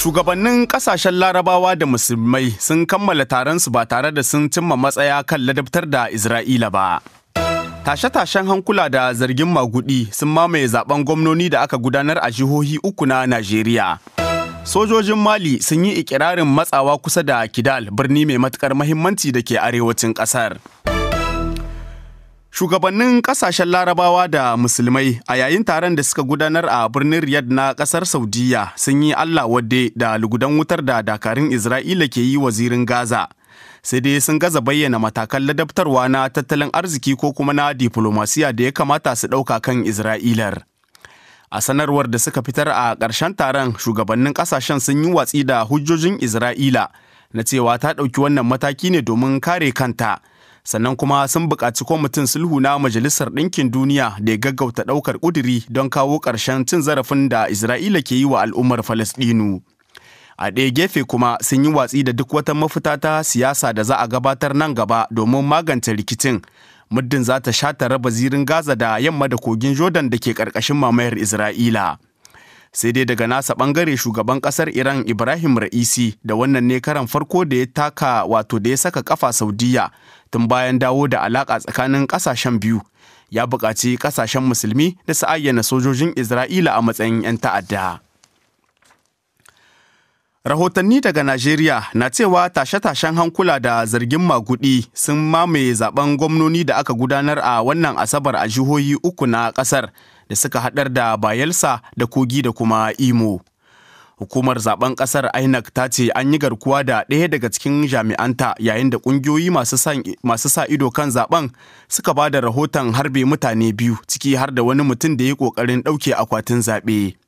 Shugabannin kasashen larabawa da musulmai sun kammala taron su ba tare da sun cimma matsaya kan ladabtar da Isra'ila ba. Tashe-tashen hankula da zargin magudi sun mamaye zaben gwamnoni da aka gudanar a jihohi uku na Najeriya. Sojojin Mali sun yi ikirarin matsawa kusa da Kidal birni mai matukar mahimmanci da ke arewacin ƙasar. Shugabannin kasashen larabawa da musulmai a yayin taron da suka gudanar a birnin Riyadh na kasar Saudiya sun yi Allah wadde da lugudan wutar da dakarun Isra'ila ke yi wazirin Gaza. Sai dai sun gaza bayyana matakan ladabtarwa na tattalin arziki ko kuma na diplomasiya da ya kamata su ɗauka kan Isra'ilar. A sanarwar da suka fitar a ƙarshen taron shugabannin ƙasashen sun yi watsi da hujjojin Isra'ila na cewa ta ɗauki wannan mataki ne domin kare kanta. sannan kuma sun buƙaci kwamitin sulhu na majalisar ɗinkin duniya da ya gaggauta ɗaukar ƙuduri don kawo ƙarshen cin zarafin da isra'ila ke yi wa al'ummar falasɗinu a ɗaya gefe kuma sun yi watsi da duk wata mafita ta siyasa da za a gabatar nan gaba domin magance rikicin muddin za ta shata raba zirin gaza da yamma da kogin jordan da ke ƙarƙashin mamayar isra'ila sai dai daga nasa bangare shugaban kasar iran ibrahim ra'isi da wannan ne karan farko da ya taka wato da ya saka kafa saudiya tun bayan dawo da alaka tsakanin kasashen biyu ya buƙaci kasashen musulmi da su ayyana sojojin isra'ila a matsayin 'yan ta'adda Rahotanni daga Najeriya na cewa tashe-tashen hankula da zargin magudi sun mamaye zaben gwamnoni da aka gudanar a wannan Asabar a jihohi uku na ƙasar da suka haɗar da Bayelsa da Kogi da kuma Imo. Hukumar zaben ƙasar INEC ta ce an yi garkuwa da ɗaya daga cikin jami'anta yayin da ƙungiyoyi masu sa ido kan zaben suka ba da rahoton harbe mutane biyu ciki har da wani mutum da ya ƙoƙarin ɗauke akwatin zaɓe.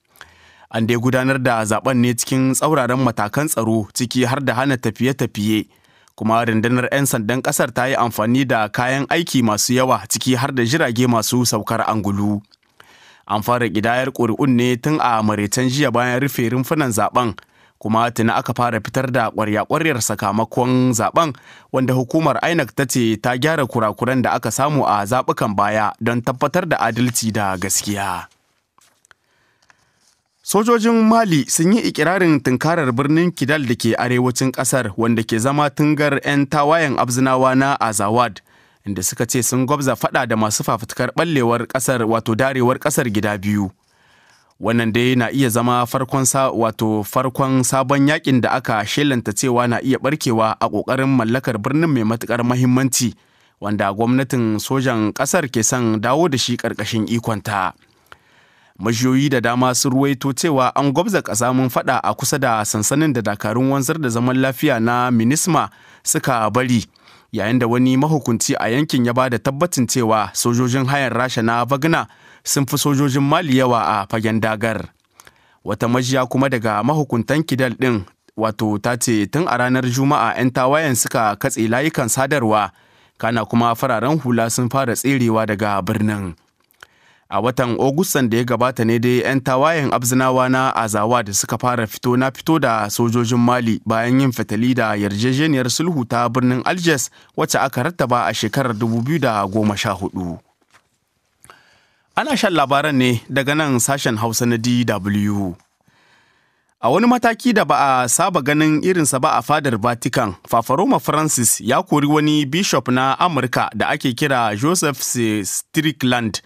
an dai gudanar da zaben ne cikin tsauraran matakan tsaro ciki har da hana tafiye-tafiye kuma rundunar 'yan sandan kasar ta yi amfani da kayan aiki masu yawa ciki har da jirage masu saukar angulu an fara ƙidayar ƙuri'un ne tun a maraicen jiya bayan rufe rumfunan zaben kuma tuni aka fara fitar da ƙwarya-ƙwaryar sakamakon zaben wanda hukumar inec ta ce ta gyara kurakuran da aka samu a zaɓukan baya don tabbatar da adalci da gaskiya. Sojojin Mali sun yi ikirarin tunkarar birnin Kidal da ke arewacin ƙasar wanda ke zama tungar 'yan tawayen abzinawa na Azawad, inda suka ce sun gwabza fada da masu fafutukar ɓallewar ƙasar wato darewar ƙasar gida biyu. Wannan dai na iya zama farkon sa wato farkon sabon yakin da aka shelanta cewa na iya barkewa a ƙoƙarin mallakar birnin mai matuƙar mahimmanci wanda gwamnatin sojan ƙasar ke son dawo da shi ƙarƙashin ikonta. majiyoyi da dama sun ruwaito cewa an gwabza ƙazamin faɗa a kusa da sansanin da dakarun wanzar da zaman lafiya na minisma suka bari yayin da wani mahukunci a yankin ya ba da tabbacin cewa sojojin hayan rasha na bagna sun fi sojojin mali yawa a fagen dagar wata majiya kuma daga mahukuntan kidal ɗin wato ta ce tun a ranar juma'a 'yan tawayen suka katse layukan sadarwa kana kuma fararen hula sun fara tserewa daga birnin a watan Agustan da ya gabata ne dai 'yan tawayen abzinawa na azawa da suka fara fito na fito da sojojin mali bayan yin fitali da yarjejeniyar sulhu ta birnin algiers wacce aka rattaba a shekarar 2014 ana shan labaran ne daga nan sashen hausa na dw A wani mataki da ba a saba ganin irinsa ba a fadar Vatican, Fafaroma Francis ya kori wani bishop na Amurka da ake kira Joseph C. Strickland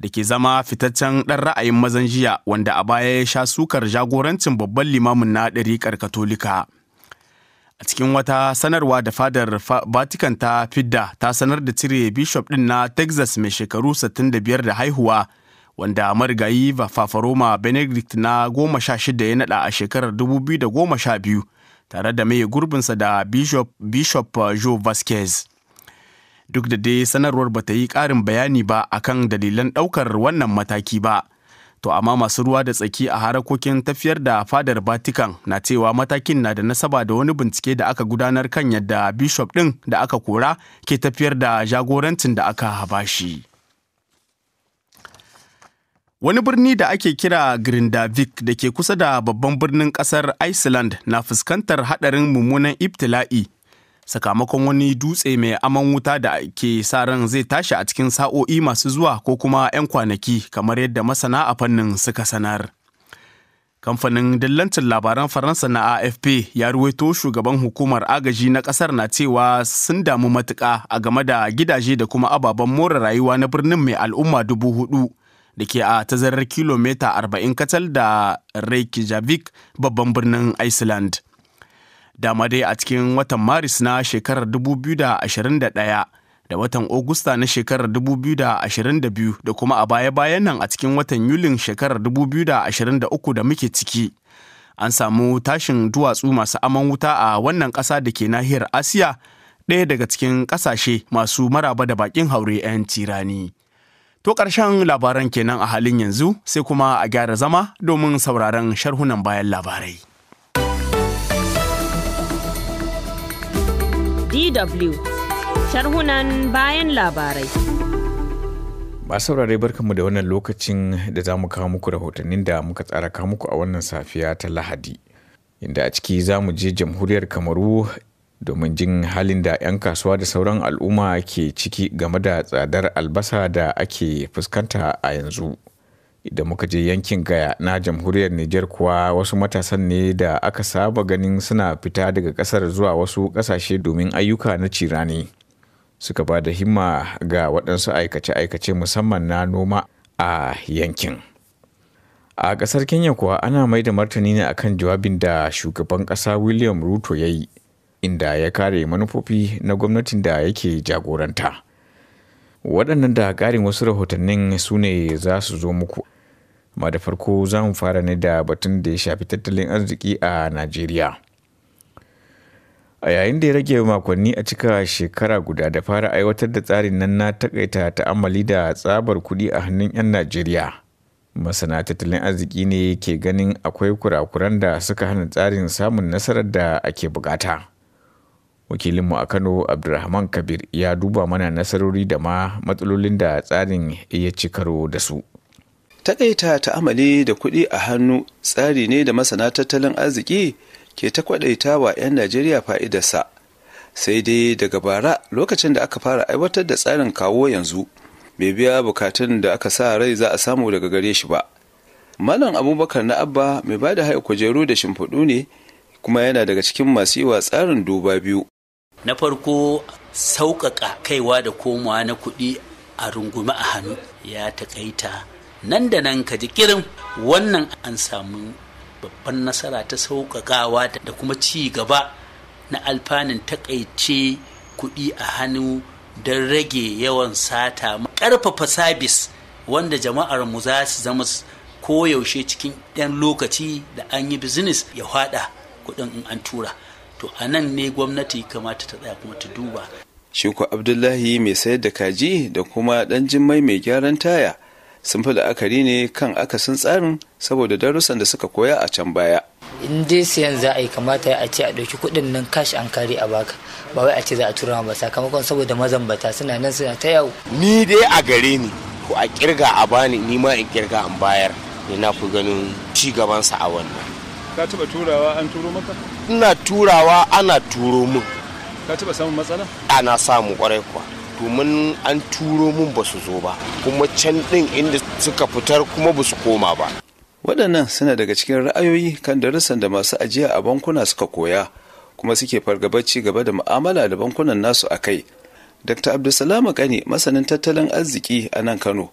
da ke zama fitaccen ɗan ra'ayin mazan jiya wanda a baya ya sha sukar jagorancin babban limamin na ɗariƙar katolika a cikin wata sanarwa da fadar vatican ta fidda ta sanar da cire bishop ɗin na texas mai shekaru 65 da haihuwa wanda marigayi fafaroma benedict na 16 ya naɗa a shekarar 2012 tare da mai gurbinsa da bishop, bishop eh, joe vasquez duk da dai sanarwar bata yi ƙarin bayani ba akan dalilan ɗaukar wannan mataki ba. To amma masu ruwa da tsaki a harakokin tafiyar da fadar Vatican na cewa matakin na da nasaba da wani bincike da aka gudanar kan yadda bishop ɗin da aka kora ke tafiyar da jagorancin da aka bashi. Wani birni da ake kira Grindavik da ke kusa da babban birnin ƙasar Iceland na fuskantar haɗarin mummunan ibtila'i sakamakon wani dutse mai aman wuta da ke sa ran zai tashi a cikin sa'o'i masu zuwa ko kuma 'yan kwanaki kamar yadda masana a fannin suka sanar. Kamfanin dillancin labaran Faransa na AFP ya ruwaito shugaban hukumar agaji na kasar na cewa sun damu matuka a game da gidaje da kuma ababen more rayuwa na birnin mai al'umma dubu hudu da ke a tazarar kilomita 40 katal da Reykjavik babban birnin Iceland. dama dai a cikin watan maris na shekarar 2021 da watan Agusta na shekarar 2022 da kuma a baya-bayan nan a cikin watan Yulin shekarar 2023 da muke ciki. An samu tashin duwatsu masu aman wuta a wannan ƙasa da ke nahiyar Asiya ɗaya daga cikin ƙasashe masu maraba da baƙin haure 'yan tirani. To ƙarshen labaran kenan a halin yanzu sai kuma a gyara zama domin sauraron sharhunan bayan labarai. DW sharhunan bayan labarai. Ba saurare barkanmu da wannan lokacin da za mu kawo muku rahotannin da muka tsara kawo muku a wannan safiya ta Lahadi. Inda a ciki za mu je jamhuriyar Kamaru domin jin halin da 'yan kasuwa da sauran al'umma ke ciki game da tsadar albasa da ake fuskanta a yanzu. idan muka je yankin gaya na jamhuriyar niger kuwa wasu matasan ne da aka saba ganin suna fita daga kasar zuwa wasu kasashe domin ayyuka na cirani suka ba da himma ga waɗansu aikace-aikace musamman na noma a yankin a ƙasar kenya kuwa ana mai da martani ne akan jawabin da shugaban ƙasa william ruto ya yi inda ya kare manufofi na gwamnatin da yake jagoranta waɗannan da ƙarin wasu rahotannin su ne za su zo muku ma da farko za mu fara ne da batun da ya shafi tattalin arziki a najeriya a yayin da ya rage makonni a cika shekara guda da fara aiwatar da tsarin nan na takaita ta'ammali da tsabar kudi a hannun 'yan najeriya masana tattalin arziki ne ke ganin akwai kurakuran da suka hana tsarin samun nasarar da ake bukata wakilinmu a kano abdulrahman kabir ya duba mana nasarori da ma matsalolin da tsarin iya cikaro da su Taƙaita ta'amali da kuɗi a hannu tsari ne da masana tattalin arziki ke ta kwaɗaita wa 'yan Najeriya fa'idarsa. Sai dai daga bara lokacin da aka fara aiwatar da tsarin kawo yanzu, bai biya bukatun da aka sa rai za a samu daga gare shi ba. Malam Abubakar na Abba mai ba da kujeru da shimfiɗu ne kuma yana daga cikin masu yi wa tsarin duba biyu. Na farko sauƙaƙa kaiwa da komawa na kuɗi a rungumi a hannu ya taƙaita nan da nan ka ji kirin wannan an samu babban nasara ta sauƙaƙawa da kuma ci gaba na alfanin takaice kuɗi a hannu don rage yawan sata ƙarfafa sabis wanda jama'ar mu za su zama koyaushe cikin ɗan lokaci da an yi bizines ya haɗa kuɗin in an tura to a nan ne gwamnati kamata ta tsaya kuma ta duba shi abdullahi mai sayar da kaji da kuma ɗan jimmai mai gyaran taya sun fi la'akari ne kan akasin tsarin saboda darussan da suka koya a can baya. in dai siyan za a yi kamata a ce a ɗauki kuɗin nan kashi an kare a baka ba wai a ce za a turawa ba sakamakon saboda mazambata suna nan suna ta yawo. ni dai a gare ni ko a kirga a bani ni ma in kirga an bayar ni na fi ganin ci gabansa a wannan. ka taɓa turawa an turo maka. ina turawa ana turo min. ka taɓa samun matsala. ana samu kwarai kuwa. domin an turo mun ba su zo ba kuma can ɗin inda suka fitar kuma ba su koma ba waɗannan suna daga cikin ra'ayoyi kan darussan da masu ajiya a bankuna suka koya kuma suke fargabar ci gaba da mu'amala da bankunan nasu a kai dr abdulsalama kani masanin tattalin arziki a nan kano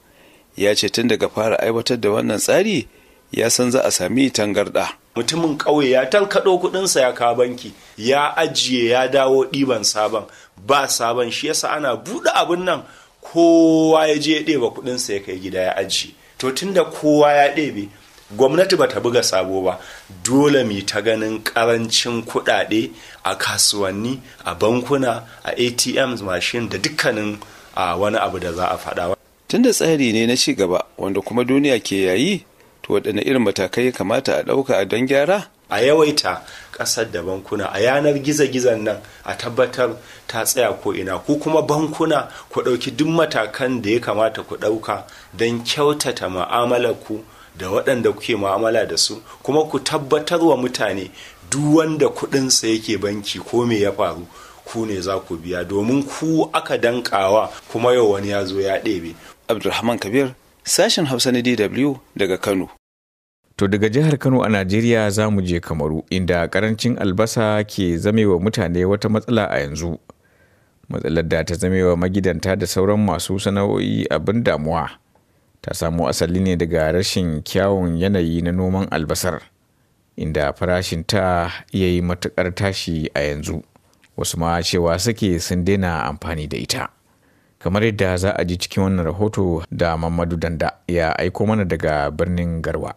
ya ce tun daga fara aiwatar da wannan tsari ya san za a sami tangarɗa. mutumin ƙauye ya tankaɗo kuɗinsa ya kawo banki ya ajiye ya dawo ɗiban sabon ba sabon shi yasa ana buɗe abin nan kowa ya je ya ɗeba kuɗinsa ya kai gida ya ajiye to tunda kowa ya ɗebe gwamnati ba ta buga sabo ba dole mu ta ganin ƙarancin kuɗaɗe a kasuwanni a bankuna a atm mashin da dukkanin a wani abu da za a faɗa Tun da tsari ne na ci gaba wanda kuma duniya ke yayi to waɗanne irin matakai ya kamata a ɗauka don gyara a yawaita kasar da bankuna a yanar gizo-gizon nan a tabbatar ta tsaya ko ina ku kuma bankuna ku ɗauki duk matakan da ya kamata ku ɗauka don kyautata ma'amalar ku da waɗanda kuke ma'amala da su kuma ku tabbatar wa mutane duk wanda kuɗinsa yake banki ko me ya faru ku ne za ku biya domin ku aka dankawa kuma yau wani ya zo ya ɗebe. Abdulrahman Kabir, sashen Hausa na DW daga Kano. To daga jihar Kano a Najeriya za mu je Kamaru inda karancin albasa ke zamewa mutane wata matsala a yanzu. Matsalar da ta zamewa magidanta da sauran masu sana'o'i abin damuwa ta samo asali ne daga rashin kyawun yanayi na noman albasar inda farashin ta iya yi matuƙar tashi a yanzu. Wasu ma cewa suke sun daina amfani da ita. Kamar yadda za a ji cikin wannan rahoto da Mamadu Danda ya aiko mana daga birnin Garwa.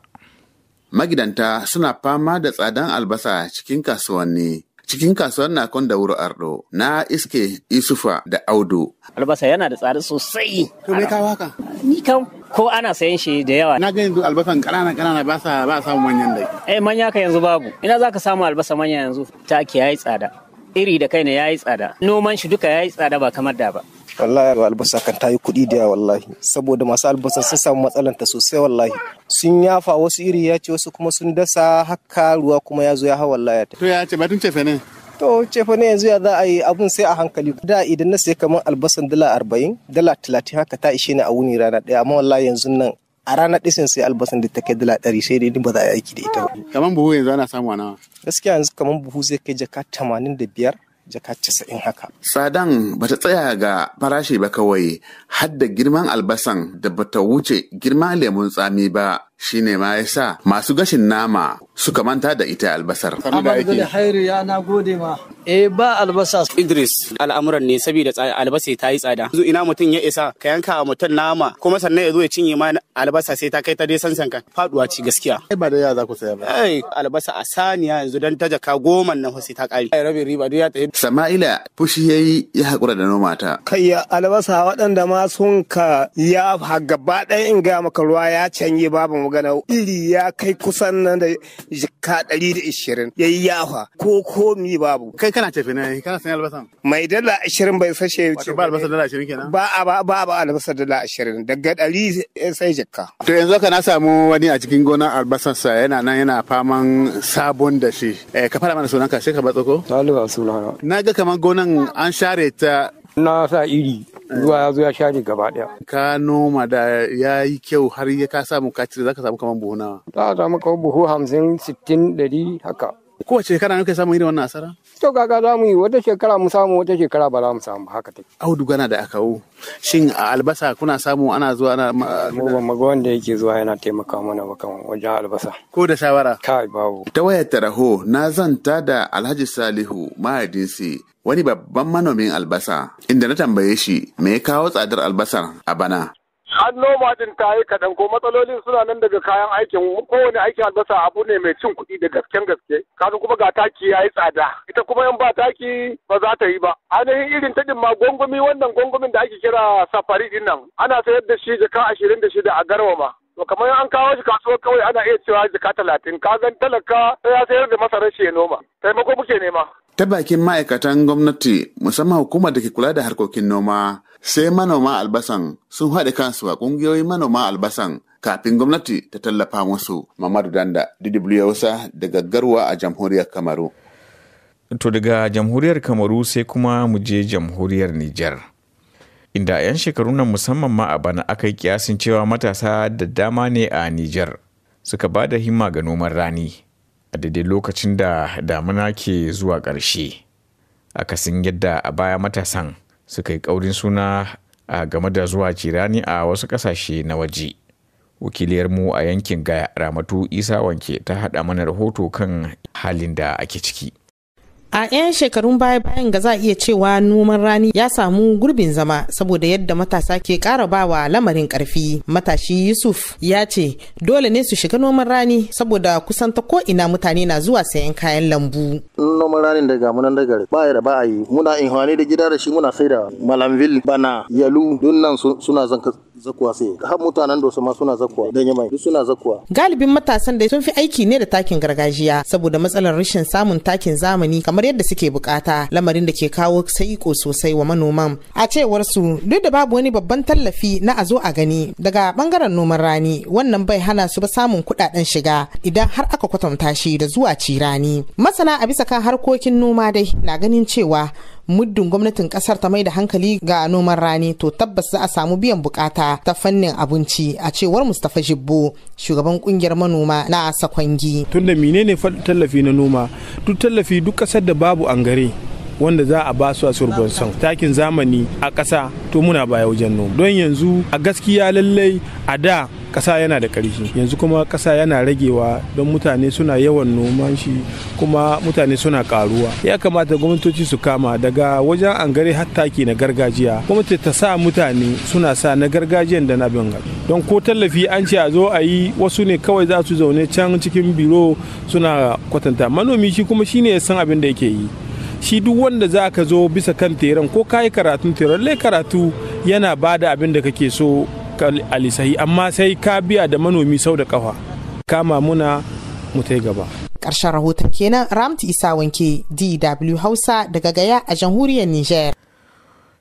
magidanta suna fama da tsadan albasa cikin kasuwanni. Cikin kasuwar kon da wuri Ardo na iske Isufa da Audu. Albasa yana da tsari sosai. To me kawo haka? Ni kam ko ana sayan shi da yawa. Na ga yanzu albasan ƙanana ƙanana ba sa ba samun manyan dai. Eh manya ka yanzu babu. Ina zaka samu albasa manya yanzu? Taki yayi tsada. Iri da kai ne yayi tsada. Noman shi duka yayi tsada ba kamar da ba. wallahi albasa kan ta yi kuɗi da yawa wallahi saboda masu albasa sun samu ta sosai wallahi sun yafa wasu iri ya ce wasu kuma sun dasa haka ruwa kuma ya zo ya hawa wallahi to ya ce batun cefe ne to cefa ne yanzu ya za a yi abun sai a hankali da idan na sai kamar albasan dala arba'in dala talatin haka ta ishe ni a wuni rana ɗaya amma wallahi yanzu nan a ranar ɗisin sai albasan da ta kai dala ɗari sai dai ba za a yi aiki da ita ba. kamar buhu yanzu ana samu a nawa. gaskiya yanzu kamar buhu zai kai jaka tamanin da biyar jaka casa'in haka. Tsadan ba ta tsaya ga farashi ba kawai har da girman albasan da ba ta wuce girman lemun tsami ba shi ne ma ya sa masu gashin nama suka manta da ita albasar. Abdul na gode ma. Eh ba albasa. Idris al'amuran ne saboda albasa ta yi tsada. Yanzu ina mutum ya isa ka yanka mutum nama kuma sannan ya zo ya cinye ma albasa sai ta kai ta dai sansan ka faduwa ci gaskiya. Ai ba da yawa za ku saya ba. Ai albasa a saniya yanzu dan ta jaka goma nan sai ta kare. Ai rabin riba duk ya tafi. Sama'ila fushi yayi ya hakura da noma ta. Kai albasa waɗanda ma sun ka ya gaba ɗaya in ga maka ruwa ya canye babu magana iri ya kai kusan nan da jika ɗari da ishirin ya yi yafa ko komi babu. Kai kana tafi ne kana sanya albasan? Mai dala ashirin bai sashe. Wato ba albasan dala ashirin kenan? Ba a ba ba albasan dala ashirin daga ɗari sai jika. To yanzu ka na samu wani a cikin gona sa yana nan yana faman sabon da shi. Eh, ka fara mana sunan k'a sai ka batsako? Salihu sunana. Na ga kamar gonan an share ta. Na sa iri. ruwa ya zo ya share gaba daya ka noma da ya yi kyau har ya ka samu ka za ka samu kamar buhu nawa za a samu kamar buhu hamsin sittin ɗari haka Kowace shekara ne kai samun irin wannan asara? To kaga za mu yi wata shekara mu samu wata shekara ba za mu samu haka take. Audu gana da akawu. Shin a albasa kuna samu ana zuwa ana Ba maga wanda yake zuwa yana taimaka mana ba kan wajen albasa. Ko da shawara? Kai babu. Ta wayar taraho na zanta da Alhaji Salihu mahadinsi wani babban manomin albasa inda na tambaye shi me ya kawo tsadar albasar a bana. an noma din ta yi kaɗan ko matsalolin suna nan daga kayan aikin kowane aikin albasa abu ne mai cin kuɗi da gasken gaske kaga kuma ga taki ya yi tsada ita kuma yan ba taki ba za ta yi ba ainihin irin ta ma gwangwami wannan gwangwamin da ake kira safari din nan ana sayar da shi jaka ashirin da shida a garwama to kamar an kawo shi kasuwa kawai ana iya cewa jaka talatin ka gan talaka sai ya sayar da masarar shi ya noma taimako muke nema ta bakin ma'aikatan gwamnati musamman hukumar da ke kula da harkokin noma sai manoma albasan sun haɗe kansu a ƙungiyoyin manoma albasan kafin gwamnati ta tallafa musu mamadu danda dw daga garwa a jamhuriyar kamaru to daga jamhuriyar kamaru sai kuma mu je jamhuriyar niger inda 'yan shekaru nan musamman ma a bana aka yi kiyasin cewa matasa da dama ne a Nijar suka ba da himma ga noman rani a daidai lokacin da damuna ke zuwa ƙarshe akasin yadda a baya matasan suka yi ƙaurin suna a game da zuwa cirani a wasu ƙasashe na waje wakiliyarmu a yankin gaya ramatu isa wanke ta haɗa mana rahoto kan halin da ake ciki a 'yan shekarun baya bayan ga za a iya cewa noman rani ya samu gurbin zama saboda yadda matasa ke kara bawa lamarin karfi matashi yusuf ya ce dole ne su shiga noman rani saboda kusan ta ko'ina mutane na zuwa sayan kayan lambu noman ranin daga munan daga ba da ba a yi muna da gida da shi muna sai da malamville bana yalu dunnan suna zan zakuwa sai har mutanen dosa ma suna zakuwa dan yamma duk suna zakuwa galibin matasan da sun fi aiki ne da takin gargajiya saboda matsalar rashin samun takin zamani kamar yadda suke bukata lamarin da ke kawo saiko sosai wa manoman a cewar su duk da babu wani babban tallafi na a zo a gani daga bangaren noman rani wannan bai hana su ba samun kudaden shiga idan har aka kwatanta shi da zuwa cirani masana a bisa kan harkokin noma dai na ganin cewa muddin gwamnatin kasar ta mai da hankali ga noman rani to tabbas za a samu biyan bukata ta fannin abinci a cewar mustafa Jibbo shugaban kungiyar manoma na Sakwangi. Tunda menene tallafi na noma? Duk tallafi duk kasar da babu angare wanda za a ba su a son takin zamani a ƙasa to muna baya wajen noma don yanzu a gaskiya lallai a da ƙasa yana da ƙarfi yanzu kuma ƙasa yana ragewa don mutane suna yawan noman shi kuma mutane suna ƙaruwa ya kamata gwamnatoci su kama daga wajen angare har taki na gargajiya gwamnati ta sa mutane suna sa na gargajiyan da na bengal don ko tallafi an ce a zo a yi wasu ne kawai za su zaune can cikin biro suna kwatanta manomi shi kuma shine ya san abin da yake yi shi duk wanda za ka zo bisa kan teran ko ka yi karatun teran lai karatu yana ba da abin da kake so alisahi amma sai ka biya da manomi sau da kafa kama muna mu tai gaba ƙarshen rahoton kenan ramti isa wanke dw hausa daga gaya a jamhuriyar niger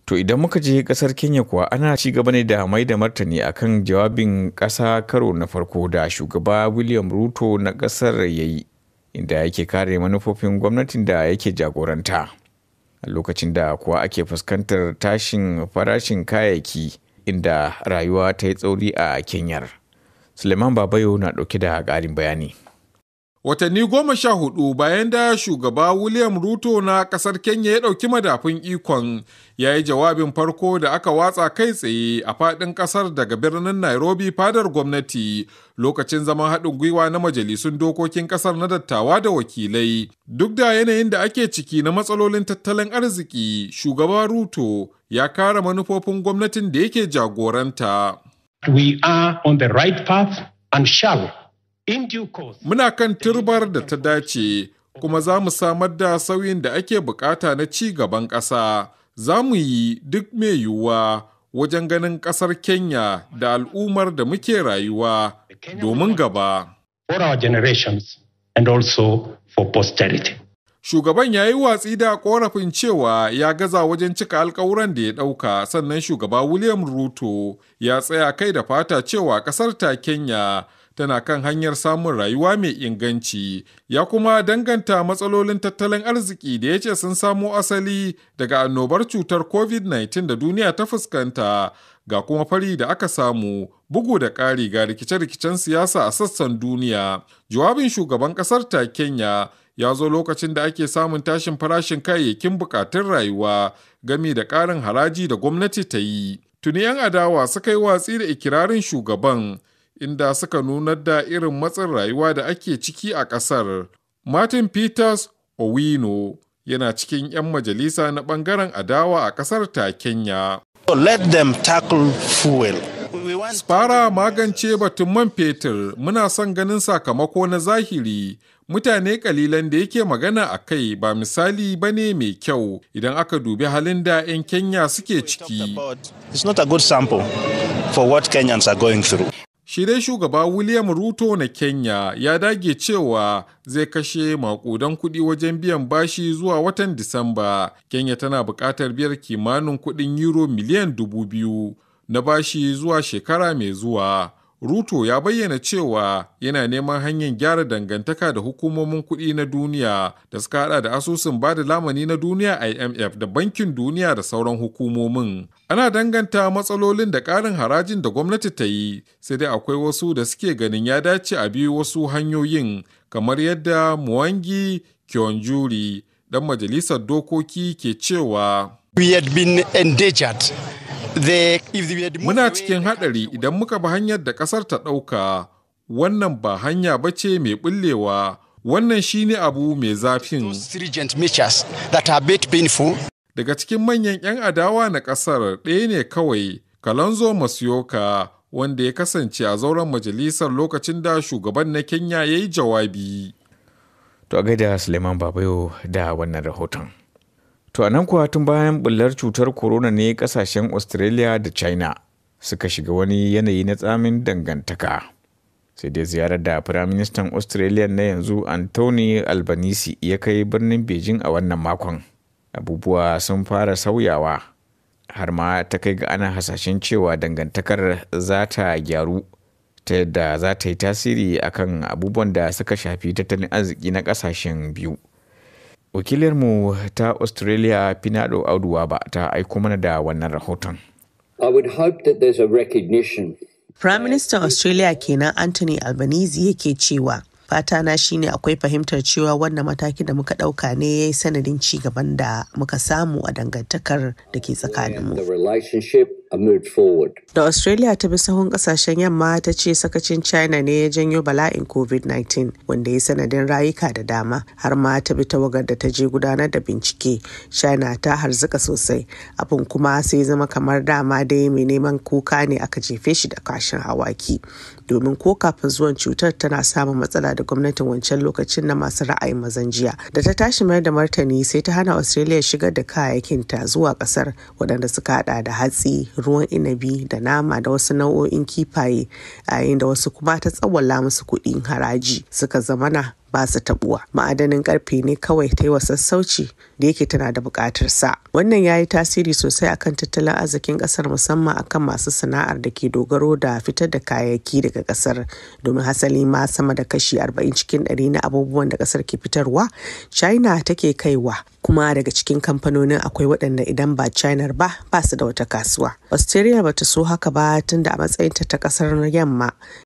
To idan muka je kasar Kenya kuwa ana ci gaba ne da mai da martani akan jawabin ƙasa karo na farko da shugaba William Ruto na ƙasar ya yi inda yake kare manufofin gwamnatin da yake jagoranta a lokacin da kuwa ake fuskantar tashin farashin kayayyaki inda rayuwa ta yi tsauri a kenyar suleiman babayo na ɗauke da ƙarin bayani Watanni goma sha hudu bayan da shugaba William Ruto na kasar Kenya ya ɗauki madafin ikon ya yi jawabin farko da aka watsa kai tsaye a faɗin ƙasar daga birnin Nairobi fadar gwamnati lokacin zaman haɗin gwiwa na majalisun dokokin ƙasar na dattawa da wakilai. Duk da yanayin da ake ciki na matsalolin tattalin arziki, shugaba Ruto ya kara manufofin gwamnatin da yake jagoranta. We are on the right path and shall Muna kan turbar da ta dace, kuma za mu samar da sauyin da ake bukata na ci gaban ƙasa. Za mu yi duk mai yiwuwa wajen ganin ƙasar Kenya da al'ummar da muke rayuwa domin gaba. Shugaban ya yi watsi da korafin cewa ya gaza wajen cika alkawuran da ya ɗauka sannan shugaba William Ruto ya tsaya kai da fata cewa ƙasar ta Kenya tana kan hanyar samun rayuwa mai inganci ya kuma danganta matsalolin tattalin arziki da ya ce sun samo asali daga annobar cutar covid-19 da duniya ta fuskanta ga kuma fari da aka samu bugu da ƙari ga rikice-rikicen siyasa a sassan duniya jawabin shugaban ƙasar ta kenya ya zo lokacin da ake samun tashin farashin kayayyakin buƙatun rayuwa gami da ƙarin haraji da gwamnati ta yi tuni 'yan adawa suka yi watsi da ikirarin shugaban inda suka nunar da irin matsin rayuwa da ake ciki a ƙasar. Martin Peters Owino yana cikin 'yan majalisa na ɓangaren adawa a ƙasar ta Kenya. So them tackle fuel. spara magance batun man fetur muna son ganin sakamako na zahiri mutane kalilan da yake magana a kai ba misali ba ne mai kyau idan aka dubi halin da 'yan Kenya suke ciki. Shi dai shugaba William Ruto na Kenya ya dage cewa zai kashe makudan kuɗi wajen biyan bashi zuwa watan Disamba. Kenya tana bukatar biyar kimanin kuɗin Euro miliyan dubu biyu na bashi zuwa shekara mai zuwa. Ruto ya bayyana cewa yana neman hanyar gyara dangantaka da hukumomin kuɗi na duniya da suka hada da asusun ba da lamani na duniya IMF da Bankin Duniya da sauran hukumomin. Ana danganta matsalolin da ƙarin harajin da gwamnati ta yi, sai dai akwai wasu da suke ganin ya dace a biyu wasu hanyoyin kamar yadda Mwangi Kyonjuri, ɗan majalisar dokoki ke cewa. Muna cikin haɗari idan muka bi hanyar da ƙasar ta ɗauka, wannan ba hanya ba ce mai ɓullewa, wannan shi ne abu mai zafin. Daga cikin manyan 'yan adawa na ƙasar ɗaya ne kawai, Kalanzo Musyoka, wanda ya kasance a zauren majalisar lokacin da shugaban na Kenya ya yi jawabi. To a gaida Suleiman Babayo da wannan rahoton. To a nan kuwa tun bayan bullar cutar corona ne kasashen Australia da China suka shiga wani yanayi na tsamin dangantaka. Sai dai ziyarar da Firaministan Australia na yanzu Anthony Albanese ya kai birnin Beijing a wannan makon. Abubuwa sun fara sauyawa, har ma ta kai ga ana hasashen cewa dangantakar za ta gyaru ta yadda za ta yi tasiri akan abubuwan da suka shafi tattalin arziki na kasashen biyu. wakilinmu ta australia pinado auduwa ba ta aiko mana da wannan rahoton I would hope that there's a recognition. Prime Minister Australia kenan Anthony Albanese yake cewa fata na shine akwai fahimtar cewa wannan mataki da muka dauka ne ya yi sanadin ci gaban da muka samu a dangantakar da ke tsakaninmu. Da Australia ta bi sahun kasashen yamma ta ce sakacin China ne ya janyo bala'in COVID-19 wanda ya sanadin rayuka da dama har ma ta bi tawagar da ta je gudanar da bincike. China ta harzuka sosai abin kuma sai zama kamar dama dai mai neman kuka ne aka jefe shi da kashin hawaki. Domin ko kafin zuwan cutar tana samun matsala da gwamnatin wancan lokacin na masu ra'ayin mazan jiya. Da ta tashi mayar da martani sai ta hana Australia shigar da ta zuwa kasar waɗanda suka hada da hatsi ruwan inabi da nama da wasu nau'o'in kifaye yayin da wasu kuma ta tsawwala musu kuɗin haraji suka zamana ba su tabuwa ma'adanin karfe ne kawai ta yi wa sassauci da yake tana da buƙatar sa wannan ya yi tasiri sosai akan tattalin arzikin ƙasar musamman akan masu sana'ar da ke dogaro da fitar da kayayyaki daga kasar domin hasali ma sama da kashi 40 cikin 100 na abubuwan da kasar ke fitarwa china take kaiwa kuma daga cikin kamfanonin akwai waɗanda idan ba china ba ba su da wata kasuwa australia ba ta so haka ba tunda a matsayinta ta kasar yamma